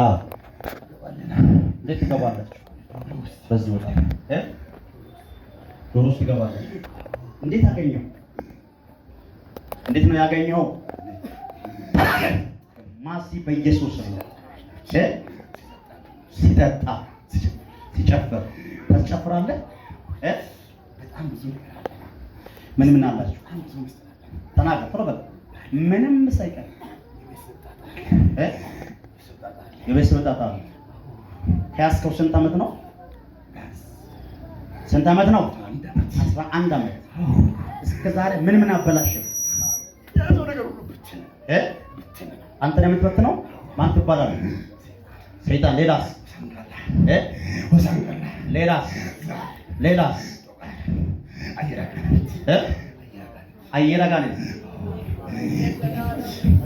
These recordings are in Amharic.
እንዴት ትገባላችሁ? በዚህ ወጣ ዶሮ ውስጥ ትገባላችሁ። እንዴት አገኘው? እንዴት ነው ያገኘው? ማሲ በኢየሱስ ነው ሲጠጣ ሲጨፍር ታስጨፍራለህ። ምን ምን አላችሁ? ተናገር። ምንም ሳይቀር የበስ መጣጣ አለ። ከያዝከው ስንት ዓመት ነው? ስንት ዓመት ነው? አስራ አንድ ዓመት እስከ ዛሬ ምን ምን አበላሽ? አንተ ነው የምትበትነው። ማን ትባላለህ? ሰይጣን። ሌላስ? ሌላስ? ሌላስ? አየራ ጋር ነው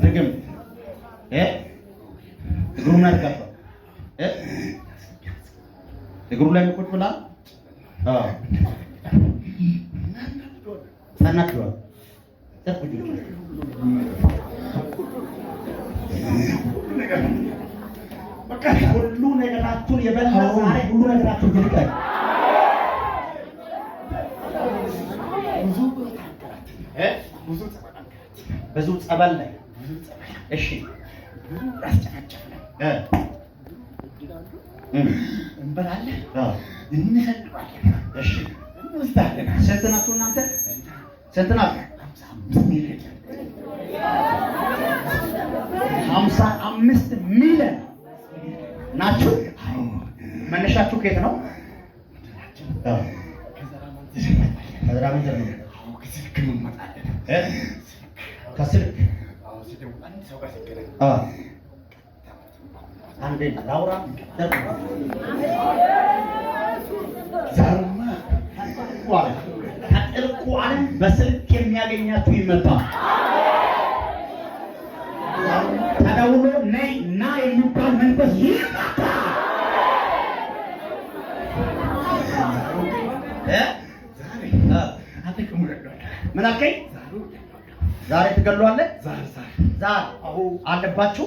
ድግም እግሩን አትጋባ እግሩ ላይ ቁጭ ብላ ተናግሯል። ሁሉ ነገራችሁን የበላ ዛሬ ሁሉ ነገራችሁን ይልቀቅ። ብዙ ጸበል ላይ እሺ እንበላለን፣ እንሰልባለን፣ እንወስዳለን። ሀምሳ አምስት ሚሊዮን ናችሁ። መነሻችሁ ከየት ነው? ከስልክ አንዴ ላውራ ዘርማ ከጥልቁ ዓለም በስልክ የሚያገኛችሁ ይመጣ ተደውሎ ነይ ና የሚባል መንፈስ ይመጣ ምን አልከኝ? ዛሬ ትገሏለ ዛሬ አለባችሁ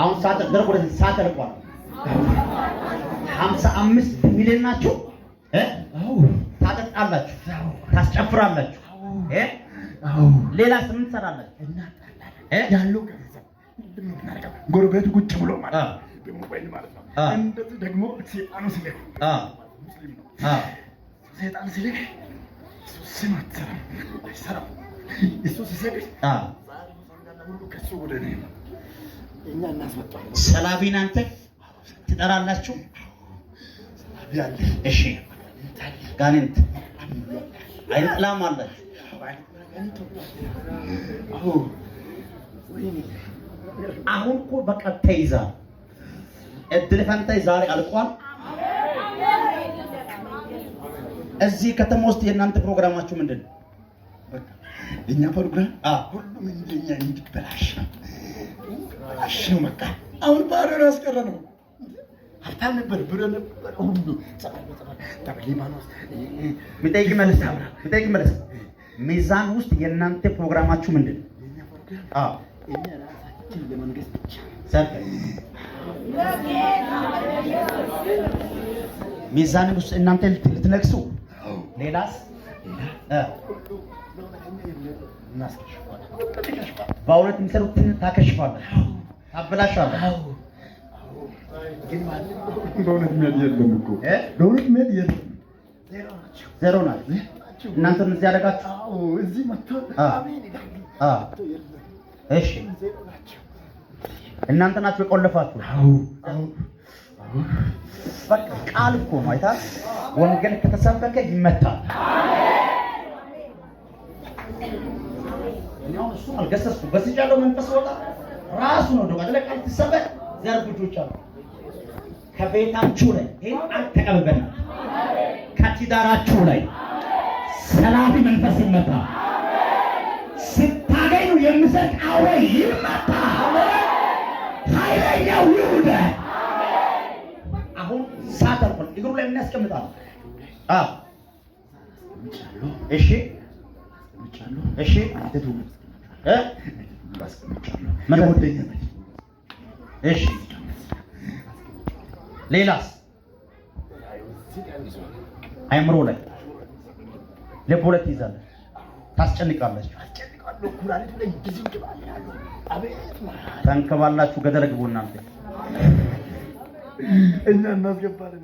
አሁን ሰዓት ደረግ ወደ ሰዓት ተለቋል። ሀምሳ አምስት ሚሊዮን ናችሁ። ታጠጣላችሁ፣ ታስጨፍራላችሁ፣ ሌላ ስምንት ሰራላችሁ። ያለው ጎረቤቱ ቁጭ ብሎ ማለት ነው ሞባይል ማለት ነው። እንደዚህ ደግሞ ሴጣኑ ሲልክ ሙስሊም ነው። ሴጣን ሲልክ እሱ ስም አትሰራም፣ አይሰራም። እሱ ሲሰግድ ሁሉ ከሱ ወደ እኔ እኛ እናስመጣዋለን። ሰላቢን አንተ ትጠራላችሁ። ሰላቢ አለ። እሺ ጋኔንት አይን አለ አሁን እኮ በቃ ተይዛ እድል ፈንታይ ዛሬ አልቋል። እዚህ ከተማ ውስጥ የእናንተ ፕሮግራማችሁ ምንድን ነው? እኛ ፕሮግራም ሁሉም እንደኛ እንዲበላሽ ነው በቃ አሁን ባዶን ያስቀረ ነው። ሀብታም ነበር ብረ ነበር ሁሉ ሚጠይቅ መለስ ሚጠይቅ መልስ። ሚዛን ውስጥ የእናንተ ፕሮግራማችሁ ምንድን ነው? ሚዛን ውስጥ እናንተ ልትነግሱ ሌላስ በእውነት የሚሰሩትን ታከሽፋለህ፣ ታበላሻለህ። በእውነት መሄድ የለም እኮ በእውነት የለም። ዜሮ ናቸው። እዚህ እዚህ መጥቶ እሺ እናንተ ናችሁ የቆለፋችሁ። በቃ ቃል እኮ ነው አይታ። ወንጌል ከተሰበከ ይመታል። እኛው እሱ አልገሰስኩ ያለው መንፈስ ወጣ ራሱ ነው ደግሞ ቃል ትሰበክ አሉ። ከቤታችሁ ላይ ከትዳራችሁ ላይ መንፈስ ስታገኙ የምሰጥ አውሬ ይመታ። ኃይለኛው ይሁን። አሁን ሳተርኩን እግሩ ላይ እናስቀምጣለን። እሺ፣ እሺ እሺ ሌላስ አይምሮ ላይ ልብ ሁለት ይዛለች ታስጨንቃለች። ተንከባላችሁ ገደል ግቡ። እናንተ እኛ እናስገባለን።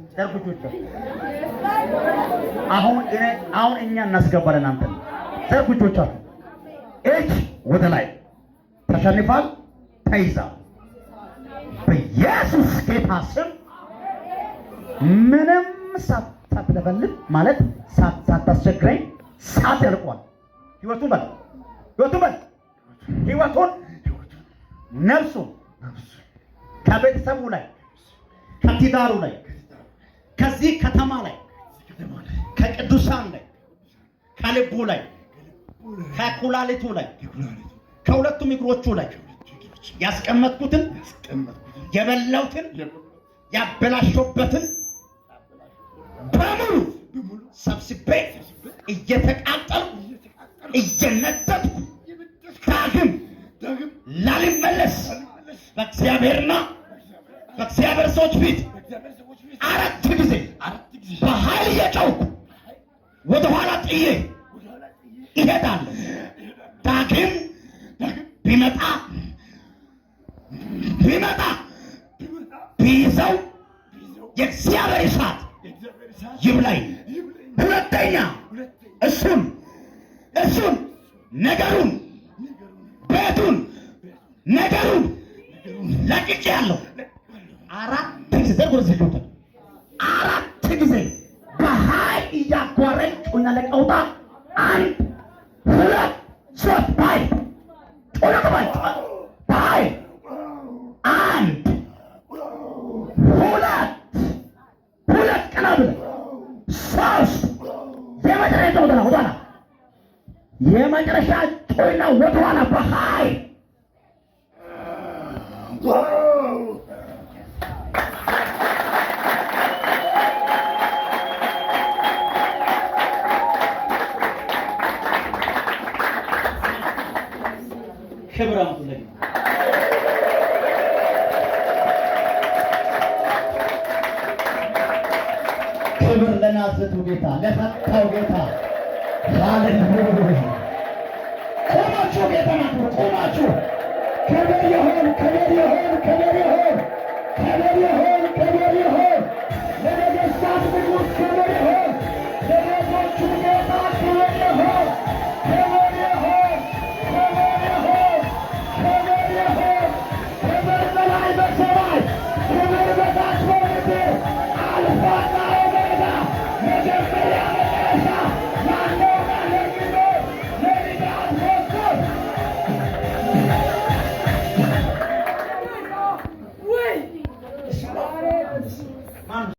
አሁን አሁን እኛ እናስገባለን። እናንተ ዘርጉቾቻችሁ እጅ ወደ ላይ ተሸንፋል፣ ተይዛል። በኢየሱስ ጌታ ስም ምንም ሳትለፈልፍ ማለት ሳታስቸግረኝ ሰዓት ያልቋል። ህይወቱ በል ህይወቱን ህይወቱን ነፍሱን ከቤተሰቡ ላይ ከትዳሩ ላይ ከዚህ ከተማ ላይ ከቅዱሳን ላይ ከልቡ ላይ ከኩላሊቱ ላይ ከሁለቱም እግሮቹ ላይ ያስቀመጥኩትን የበላውትን ያበላሾበትን በሙሉ ሰብስቤ እየተቃጠልኩ እየነጠጥኩ ዳግም ላልመለስ በእግዚአብሔርና በእግዚአብሔር ሰዎች ፊት አራት ጊዜ በኃይል ወደ ኋላ ጥዬ ይሄዳል። ዳግም ቢመጣ ቢመጣ ቢይዘው የእግዚአብሔር እሳት ይብላኝ። ሁለተኛ እሱን እሱን ነገሩን ቤቱን ነገሩን ለቅቄ ያለው አራት ጊዜ ጉርዝ ይሉታል። አራት ጊዜ በሀይ እያጓረኝ ጩና ለቀውጣ አንድ ሁለት ሶስት ባይ ጩና ባይ ባይ አንድ ሁለት ሁለት ቀና ብለ ሶስት የመጨረሻ ወደላ የመጨረሻ prophesy. Whoa! ክብራም ክብር ለናዘዙ ጌታ ለፈታው ጌታ ሃሌሉያ ሁላችሁ ቤተናት ቆማችሁ ክብር ይሁን ክብር ይሁን ክብር ይሁን